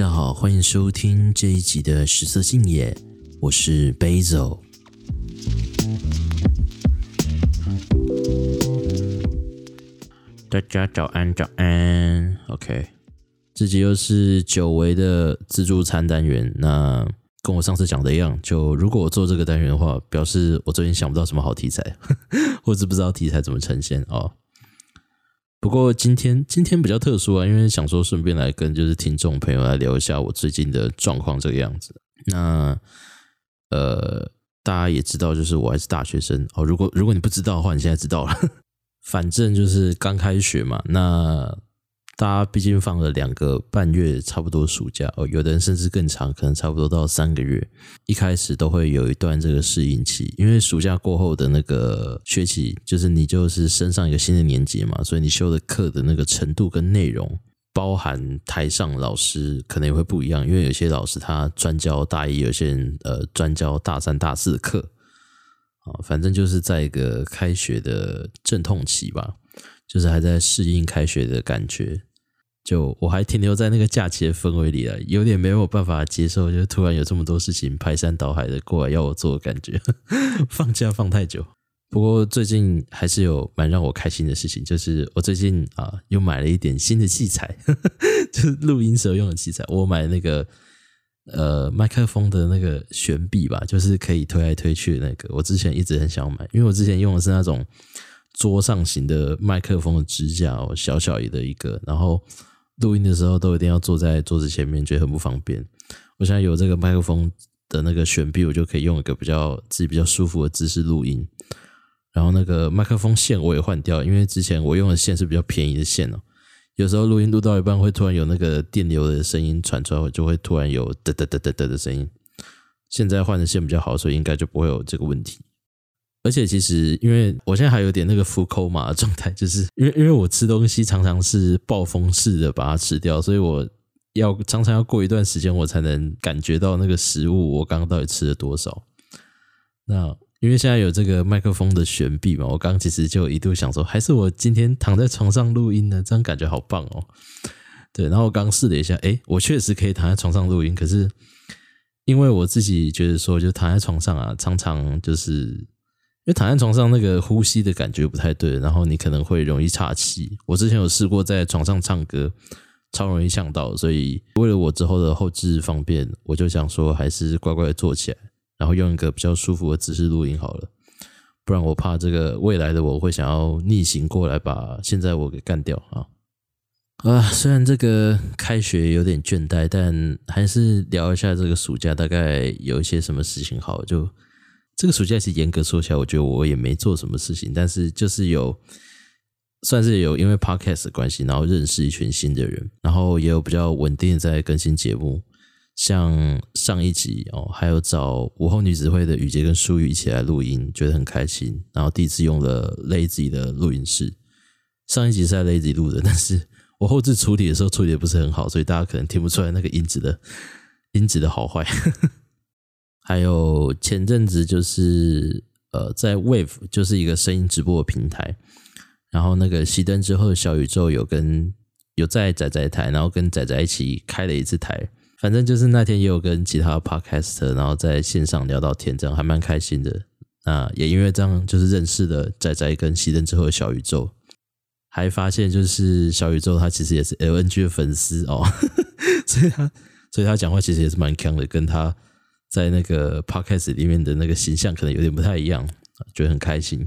大家好，歡迎收聽這一集的食色性也，我是 Basil。大家早安早安，OK，這集又是久違的自助餐單元。那跟我上次講的一樣，就如果我做這個單元的話，表示我最近想不到什麼好題材，呵呵或者不知道題材怎麼呈現哦。不過今天今天比較特殊啊，因為想說順便來跟就是聽眾朋友來聊一下我最近的狀況這個樣子。那呃，大家也知道就是我還是大學生哦。如果如果你不知道的話，你現在知道了。 反正就是剛開學嘛，那。大家畢竟放了兩個半月，差不多暑假哦，有的人甚至更長，可能差不多到三個月。一開始都會有一段這個適應期，因為暑假過後的那個學期，就是你就是升上一個新的年級嘛，所以你修的課的那個程度跟內容，包含台上老師可能也會不一樣，因為有些老師他專教大一，有些人呃專教大三、大四的課啊，哦，反正就是在一個開學的陣痛期吧，就是還在適應開學的感覺。就我還停留在那個假期的氛圍裡了，有點沒有辦法接受，就突然有這麼多事情排山倒海的過來要我做的，感覺放假放太久。不過最近還是有蠻讓我開心的事情，就是我最近啊又買了一點新的器材， 就是錄音時候用的器材。我買那個呃麥克風的那個懸臂吧，就是可以推來推去的那個。我之前一直很想買，因為我之前用的是那種桌上型的麥克風的支架，小小的一個，然後。錄音的時候都一定要坐在桌子前面，覺得很不方便。我現在有這個麥克風的那個懸臂，我就可以用一個比較自己比較舒服的姿勢錄音。然後那個麥克風線我也換掉，因為之前我用的線是比較便宜的線哦、喔，有時候錄音錄到一半會突然有那個電流的聲音傳出來，就會突然有噔噔噔噔噔的聲音。現在換的線比較好，所以應該就不會有這個問題。而且其實，因為我現在還有點那個 food coma 的狀態，就是因為因為我吃東西常常是暴風式的把它吃掉，所以我要常常要過一段時間，我才能感覺到那個食物我剛剛到底吃了多少。那因為現在有這個麥克風的懸臂嘛，我剛剛其實就一度想說，還是我今天躺在床上錄音呢，這樣感覺好棒哦。對，然後我剛試了一下，誒，我確實可以躺在床上錄音，可是因為我自己覺得說，就躺在床上啊，常常就是。因為躺在床上那個呼吸的感覺不太對，然後你可能會容易岔氣。我之前有試過在床上唱歌，超容易嗆到，所以為了我之後的後製方便，我就想說還是乖乖的坐起來，然後用一個比較舒服的姿勢錄音好了。不然我怕這個未來的我會想要逆行過來把現在我給幹掉啊！啊，雖然這個開學有點倦怠，但還是聊一下這個暑假大概有一些什麼事情好就。這個暑假其實嚴格說起來，我覺得我也沒做什麼事情，但是就是有，算是有因為 podcast 的關係，然後認識一群新的人，然後也有比較穩定的在更新節目。像上一集哦，還有找午後女子會的雨杰跟舒雨一起來錄音，覺得很開心。然後第一次用了 lazy 的錄音室，上一集是在 lazy 錄的，但是我後置處理的時候處理的不是很好，所以大家可能聽不出來那個音質的音質的好壞。還有前陣子就是呃，在 Wave 就是一個聲音直播的平台，然後那個熄燈之後的小宇宙有跟有在宅宅台，然後跟宅宅一起開了一次台，反正就是那天也有跟其他 Podcaster，然後在線上聊到天，這樣還蠻開心的。那也因為這樣，就是認識了宅宅跟熄燈之後的小宇宙，還發現就是小宇宙他其實也是 LNG 的粉絲哦呵呵，所以他所以他講話其實也是蠻 ㄎㄧㄤ 的，跟他。在那個 podcast 裡面的那個形象可能有點不太一樣，覺得很開心，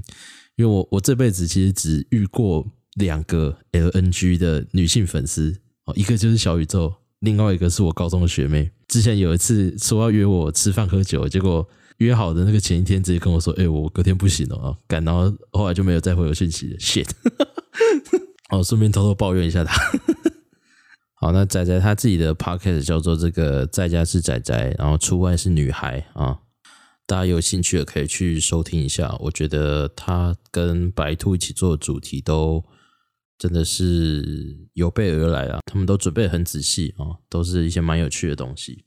因為我我這輩子其實只遇過兩個 LNG 的女性粉絲，哦，一個就是小宇宙，另外一個是我高中的學妹。之前有一次說要約我吃飯喝酒，結果約好的那個前一天直接跟我說，哎、欸，我隔天不行了，哦，啊，趕，然後，後來就沒有再回我信息了。shit，哦，順便偷偷抱怨一下她。好，那仔仔他自己的 p o c k e t 叫做這個在家是仔仔，然後出外是女孩啊，大家有興趣的可以去收聽一下。我覺得他跟白兔一起做主題都真的是有備而來啊，他們都準備很仔細啊，都是一些蠻有趣的東西。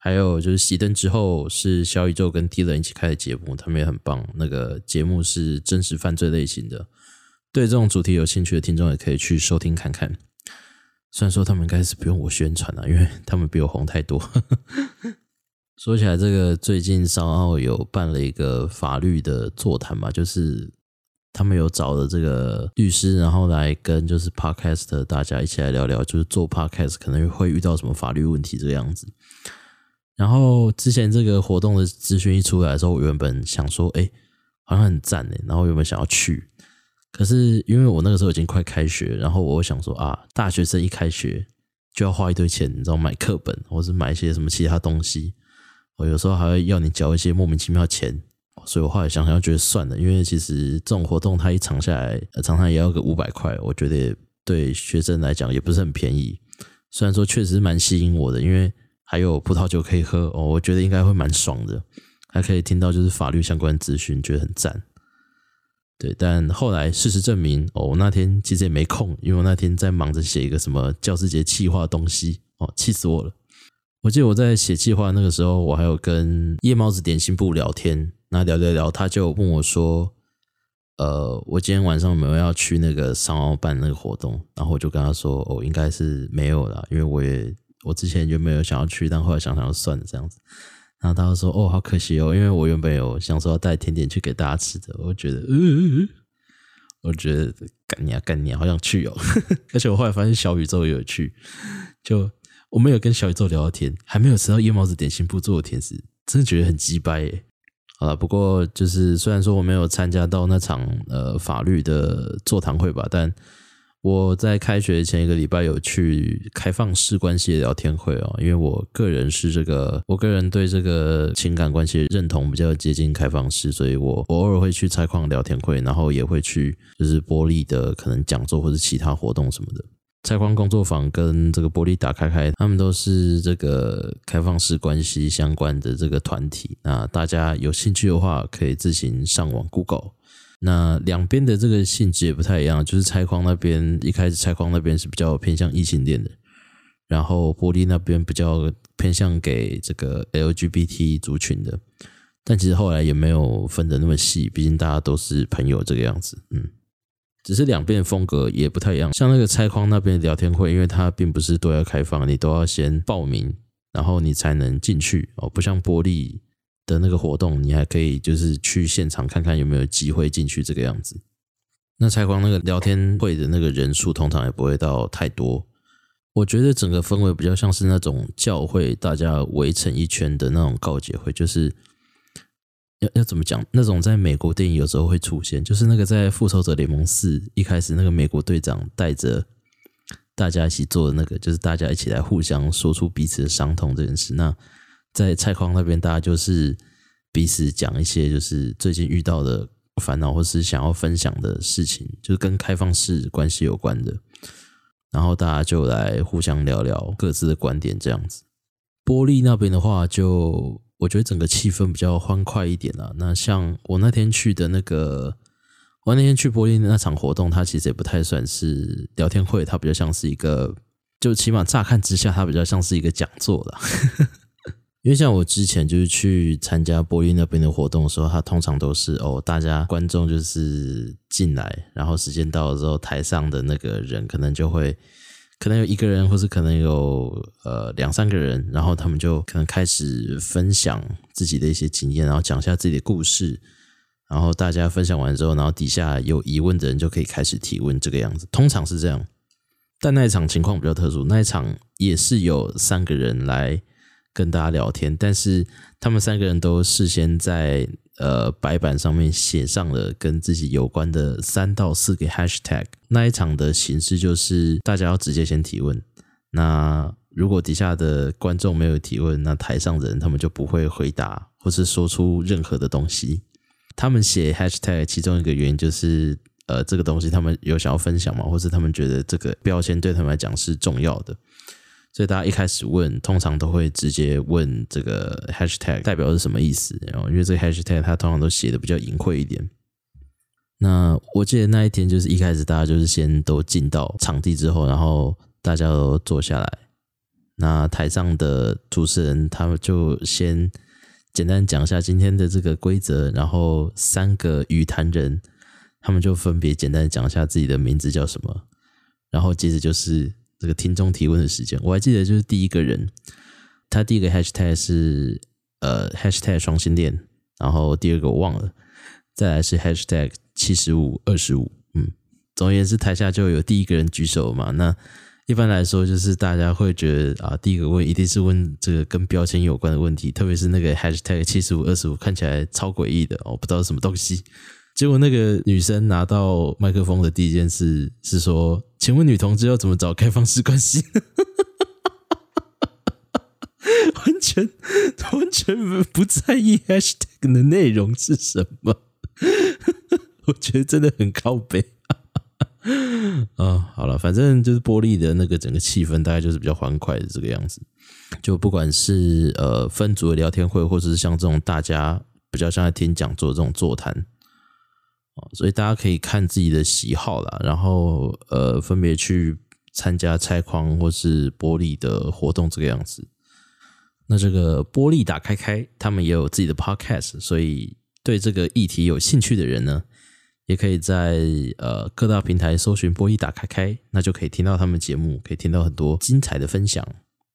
還有就是熄燈之後是小宇宙跟 T 楠一起開的節目，他們也很棒。那個節目是真實犯罪類型的，對這種主題有興趣的聽眾也可以去收聽看看。雖然說他們應該是不用我宣傳啦，因為他們比我紅太多。呵呵。說起來，這個最近商奧有辦了一個法律的座談嘛，就是他們有找的這個律師，然後來跟就是 podcast 大家一起來聊聊，就是做 podcast 可能會遇到什麼法律問題這個樣子。然後之前這個活動的資訊一出來的時候，我原本想說，哎，好像很讚欸，然後原本想要去。可是，因為我那個時候已經快開學，然後我會想說啊，大學生一開學就要花一堆錢，你知道買課本或是買一些什麼其他東西，我有時候還會要你繳一些莫名其妙的錢，所以我後來想想覺得算了，因為其實這種活動它一場下來常常也要個五百塊，我覺得對學生來講也不是很便宜。雖然說確實蠻吸引我的，因為還有葡萄酒可以喝，哦，我覺得應該會蠻爽的，還可以聽到就是法律相關諮詢，覺得很讚。對，但後來事實證明，哦，我那天其實也沒空，因為我那天在忙着寫一個什麼教師節企劃東西，哦，氣死我了！我記得我在寫計劃那個時候，我還有跟夜貓子點心部聊天，那聊聊聊，他就問我說：“呃，我今天晚上有沒有要去那個商澳辦那個活動？”然後我就跟他說：“哦，應該是沒有了，因為我也我之前就沒有想要去，但後來想想要算了，這樣子。”然後他說：“哦，好可惜哦，因為我原本有想說要帶甜點去給大家吃的。我呃呃呃”我覺得，嗯，嗯嗯，我覺得幹你啊，幹你啊，好想去哦！ 而且我後來發現小宇宙也有去，就我沒有跟小宇宙聊，聊天，還沒有吃到夜貓子點心部做的甜食，真的覺得很雞掰耶。好了，不過就是雖然說我沒有參加到那場呃法律的座談會吧，但。我在開學前一個禮拜有去開放式關係聊天會哦，因為我個人是這個，我個人對這個情感關係認同比較接近開放式，所以我，我偶爾會去拆框聊天會，然後也會去就是波栗的可能講座或者其他活動什麼的，拆框工作坊跟這個波栗打開開，他們都是這個開放式關係相關的這個團體，那大家有興趣的話可以自行上網 Google。那兩邊的這個性質也不太一樣，就是拆框那邊一開始拆框那邊是比較偏向異性戀的，然後波栗那邊比較偏向給這個 LGBT 族群的，但其實後來也沒有分得那麼細，畢竟大家都是朋友這個樣子，嗯，只是兩邊風格也不太一樣，像那個拆框那邊聊天會，因為它並不是都要開放，你都要先報名，然後你才能進去哦，不像波栗。的那個活動，你還可以就是去現場看看有沒有機會進去這個樣子。那採光那個聊天會的那個人數通常也不會到太多，我覺得整個氛圍比較像是那種教會大家圍成一圈的那種告解會，就是要要怎麼講？那種在美國電影有時候會出現，就是那個在《復仇者聯盟四》一開始，那個美國隊長帶着大家一起做的那個，就是大家一起來互相說出彼此的傷痛這件事。那在拆框那邊，大家就是彼此講一些就是最近遇到的煩惱，或是想要分享的事情，就是跟開放式關係有關的。然後大家就來互相聊聊各自的觀點，這樣子。波栗那邊的話，就我覺得整個氣氛比較歡快一點啊。那像我那天去的那個，我那天去波栗的那場活動，它其實也不太算是聊天會，它比較像是一個，就起碼乍看之下，它比較像是一個講座啦。 因為像我之前就是去參加波栗那邊的活動的時候，他通常都是哦，大家觀眾就是進來，然後時間到了之後，台上的那個人可能就會，可能有一個人，或是可能有呃兩三個人，然後他們就可能開始分享自己的一些經驗，然後講一下自己的故事，然後大家分享完之後，然後底下有疑問的人就可以開始提問，這個樣子通常是這樣。但那一場情況比較特殊，那一場也是有三個人來。跟大家聊天，但是他們三個人都事先在呃白板上面寫上了跟自己有關的三到四個 hashtag。那一場的形式就是大家要直接先提問。那如果底下的觀眾沒有提問，那台上的人他們就不會回答，或是說出任何的東西。他們寫 hashtag 其中一個原因就是，呃，這個東西他們有想要分享嘛，或是他們覺得這個標籤對他們來講是重要的。所以大家一開始問，通常都會直接問這個 hashtag 代表是什麼意思，然後因為這個 hashtag 它通常都寫的比較隱晦一點。那我記得那一天就是一開始大家就是先都進到場地之後，然後大家都坐下來，那台上的主持人他們就先簡單講一下今天的這個規則，然後三個與談人他們就分別簡單講一下自己的名字叫什麼，然後接着就是。這個聽眾提問的時間，我還記得就是第一個人，他第一個 hashtag 是呃 hashtag 雙性戀，然後第二個我忘了，再來是 hashtag 七十五二十五，嗯，總而言之台下就有第一個人舉手嘛，那一般來說就是大家會覺得啊第一個問一定是問這個跟標籤有關的問題，特別是那個 hashtag 七十五二十五看起來超詭異的，我、哦、不知道什麼東西，結果那個女生拿到麥克風的第一件事是說。請問女同志要怎麼找開放式關係？ 完全完全不在意 hashtag 的內容是什麼？ 我覺得真的很靠北、 哦。好了，反正就是玻璃的那個整個氣氛大概就是比較歡快的這個樣子。就不管是呃分組的聊天會，或者是像這種大家比較像在聽講座這種座談。哦，所以大家可以看自己的喜好啦，然後呃，分別去參加拆框或是波栗的活動，這個樣子。那這個波栗打開開，他們也有自己的 podcast，所以對這個議題有興趣的人呢，也可以在呃各大平台搜尋波栗打開開，那就可以聽到他們節目，可以聽到很多精彩的分享。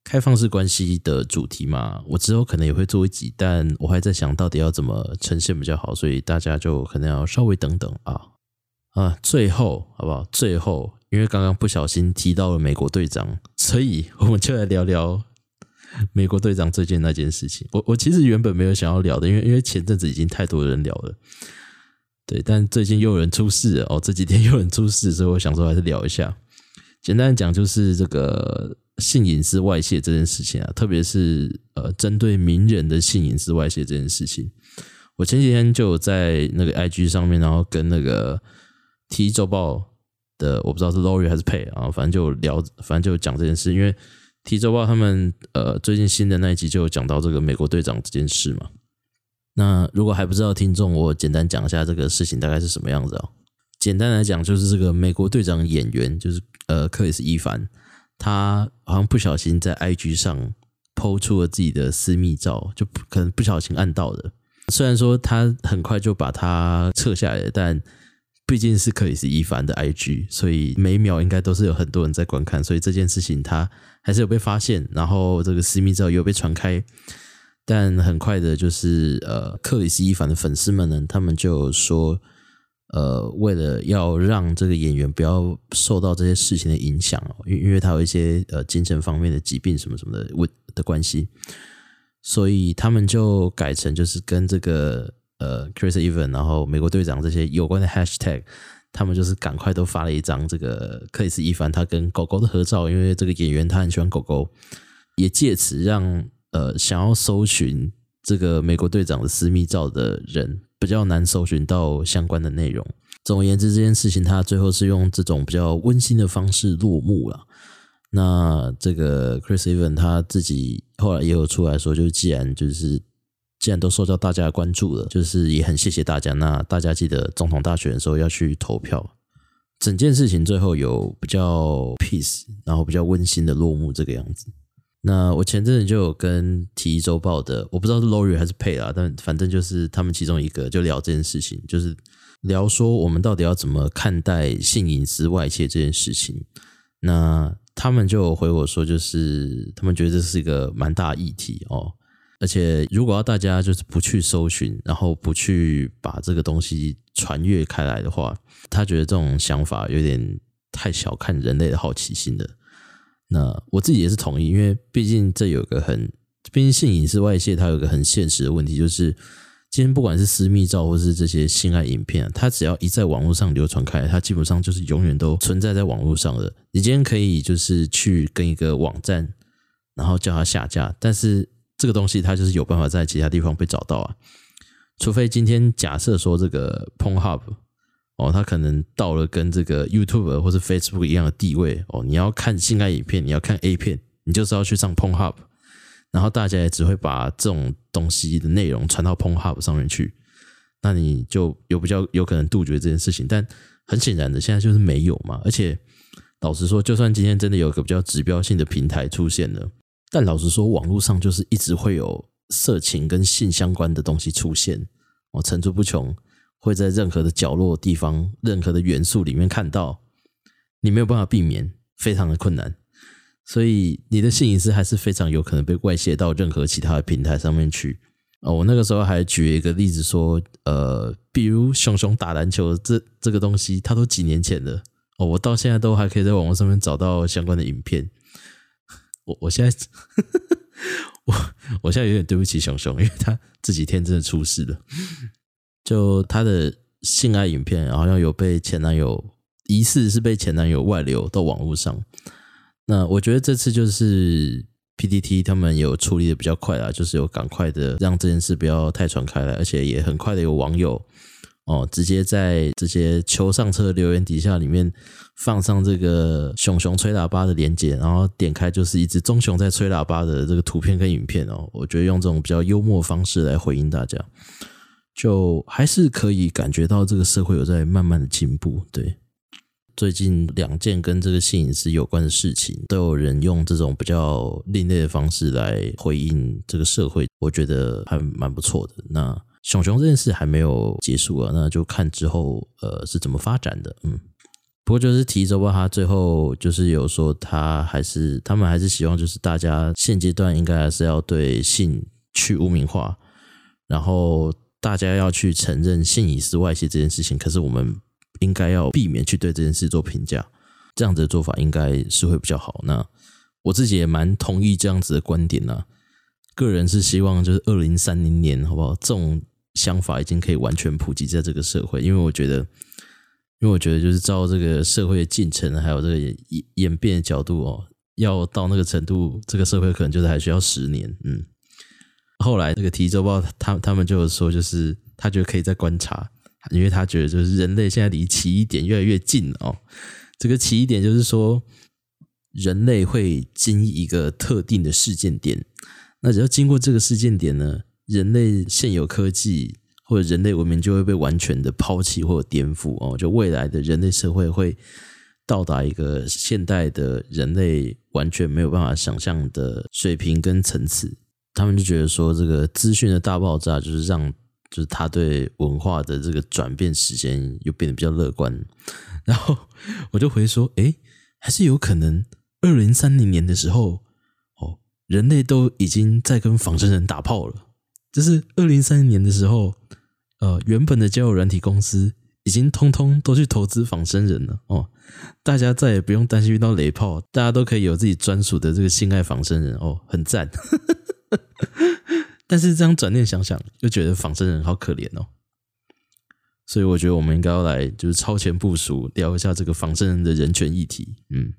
開放式關係的主題嘛，我之後可能也會做一集，但我還在想到底要怎麼呈現比較好，所以大家就可能要稍微等等啊。啊，最後好不好？最後，因為剛剛不小心提到了美國隊長，所以我們就來聊聊美國隊長最近那件事情。我我其實原本沒有想要聊的，因為因為前陣子已經太多人聊了，對，但最近又有人出事哦、喔，這幾天又有人出事，所以我想說還是聊一下。簡單講就是這個。性隱私外洩這件事情啊，特別是呃，針對名人的性隱私外洩這件事情，我前幾天就有在那個 IG 上面，然後跟那個 T 週報的，我不知道是 Laurie 還是 Pay 啊，反正就聊，反正就講這件事，因為 T 週報他們呃最近新的那一集就有講到這個美國隊長這件事嘛。那如果還不知道聽眾，我簡單講一下這個事情大概是什麼樣子啊？簡單來講，就是這個美國隊長演員就是呃克里斯·伊凡。他好像不小心在 I G 上 PO 出了自己的私密照，就可能不小心按到的。雖然說他很快就把它撤下來了，但畢竟是克里斯·伊凡的 I G，所以每秒應該都是有很多人在觀看。所以這件事情他還是有被發現，然後這個私密照也有被傳開。但很快的，就是呃，克里斯·伊凡的粉絲們呢，他們就說。呃，為了要讓這個演員不要受到這些事情的影響哦，因因為他有一些呃精神方面的疾病什麼什麼的問的關係，所以他們就改成就是跟這個呃 Chris Evans 然後美國隊長這些有關的 Hashtag，他們就是趕快都發了一張這個克里斯·伊凡他跟狗狗的合照，因為這個演員他很喜歡狗狗，也借此讓呃想要搜尋這個美國隊長的私密照的人。比較難搜尋到相關的內容。總而言之，這件事情他最後是用這種比較溫馨的方式落幕了。那這個 Chris Evans 他自己後來也有出來說，就是既然就是既然都受到大家關注了，就是也很謝謝大家。那大家記得總統大選的時候要去投票。整件事情最後有比較 peace，然後比較溫馨的落幕這個樣子。那我前陣子就有跟體液週報的，我不知道是 Lori 還是 Pay 啦，但反正就是他們其中一個就聊這件事情，就是聊說我們到底要怎麼看待性隱私外泄這件事情。那他們就回我說，就是他們覺得這是一個蠻大議題哦，而且如果要大家就是不去搜尋，然後不去把這個東西傳閱開來的話，他覺得這種想法有點太小看人類的好奇心了。那我自己也是同意，因為畢竟這有個很，畢竟性隱私外洩，它有個很現實的問題，就是今天不管是私密照或是這些性愛影片，啊，它只要一在網絡上流傳開來，它基本上就是永遠都存在在網絡上的。你今天可以就是去跟一個網站，然後叫它下架，但是這個東西它就是有辦法在其他地方被找到啊，除非今天假設說這個 Pornhub。哦，他可能到了跟這個 YouTube 或者 Facebook 一樣的地位哦。你要看性愛影片，你要看 A 片，你就是要去上 PornHub，然後大家也只會把這種東西的內容傳到 PornHub 上面去，那你就有比較有可能杜絕這件事情。但很顯然的，現在就是沒有嘛。而且老實說，就算今天真的有一個比較指標性的平台出現了，但老實說，網絡上就是一直會有色情跟性相關的東西出現哦，層出不窮。會在任何的角落、地方、任何的元素裡面看到，你沒有辦法避免，非常的困難。所以你的性隱私還是非常有可能被外泄到任何其他的平台上面去。哦，我那個時候還舉了一個例子說，呃，比如熊熊打籃球這這個東西，它都幾年前的哦，我到現在都還可以在網絡上面找到相關的影片。我我現在 我我現在有點對不起熊熊，因為他這幾天真的出事了。就她的性愛影片，好像有被前男友疑似是被前男友外流到網絡上。那我覺得這次就是 PTT 他們有處理的比較快啊，就是有趕快的讓這件事不要太傳開來，而且也很快的有網友哦，直接在這些求上車留言底下裡面放上這個熊熊吹喇叭的連結，然後點開就是一隻棕熊在吹喇叭的這個圖片跟影片哦。我覺得用這種比較幽默的方式來回應大家。就還是可以感覺到這個社會有在慢慢的進步，對。最近兩件跟這個性隱私有關的事情，都有人用這種比較另類的方式來回應這個社會，我覺得還蠻不錯的。那熊熊這件事還沒有結束啊，那就看之後呃是怎麼發展的。嗯，不過就是體液週報，他最後就是有說他還是他們還是希望就是大家現階段應該還是要對性去污名化，然後。大家要去承認性隱私外洩這件事情，可是我們應該要避免去對這件事做評價，這樣子的做法應該是會比較好。那我自己也蠻同意這樣子的觀點吶。個人是希望就是二零三零年，好不好？這種想法已經可以完全普及在這個社會，因為我覺得，因為我覺得就是照這個社會的進程還有這個演演變的角度哦、喔，要到那個程度，這個社會可能就是還需要十年，嗯。後來，這個《體液週報》他，他他們就說，就是他覺得可以再觀察，因為他覺得就是人類現在離奇異點越來越近哦。這個奇異點就是說，人類會經歷一個特定的事件點。那只要經過這個事件點呢，人類現有科技或者人類文明就會被完全的拋棄或者顛覆哦。就未來的人類社會會到達一個現代的人類完全沒有辦法想象的水平跟層次。他們就覺得說，這個資訊的大爆炸就是讓，就是他對文化的這個轉變時間又變得比較樂觀。然後我就回說，哎，還是有可能，二零三零年的時候，哦，人類都已經在跟仿生人打炮了。就是二零三零年的時候，呃，原本的交友軟體公司已經通通都去投資仿生人了。哦，大家再也不用擔心遇到雷炮，大家都可以有自己專屬的這個性愛仿生人。哦，很讚。 但是這樣轉念想想，又覺得仿生人好可憐哦。所以我覺得我們應該要來就是超前部署聊一下這個仿生人的人權議題。嗯，誒、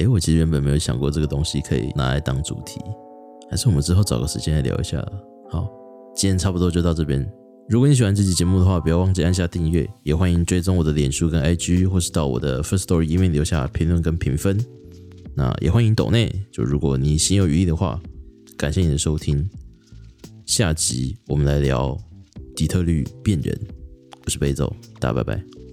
欸，我其實原本沒有想過這個東西可以拿來當主題，還是我們之後找個時間來聊一下。好，今天差不多就到這邊。如果你喜歡這期節目的話，不要忘記按下訂閱，也歡迎追蹤我的臉書跟 IG，或是到我的 First Story 頁面留下評論跟評分。那也歡迎抖內，就如果你心有餘力的話。感謝你的收聽，下集我們來聊底特律變人，不是北揍。大家拜拜。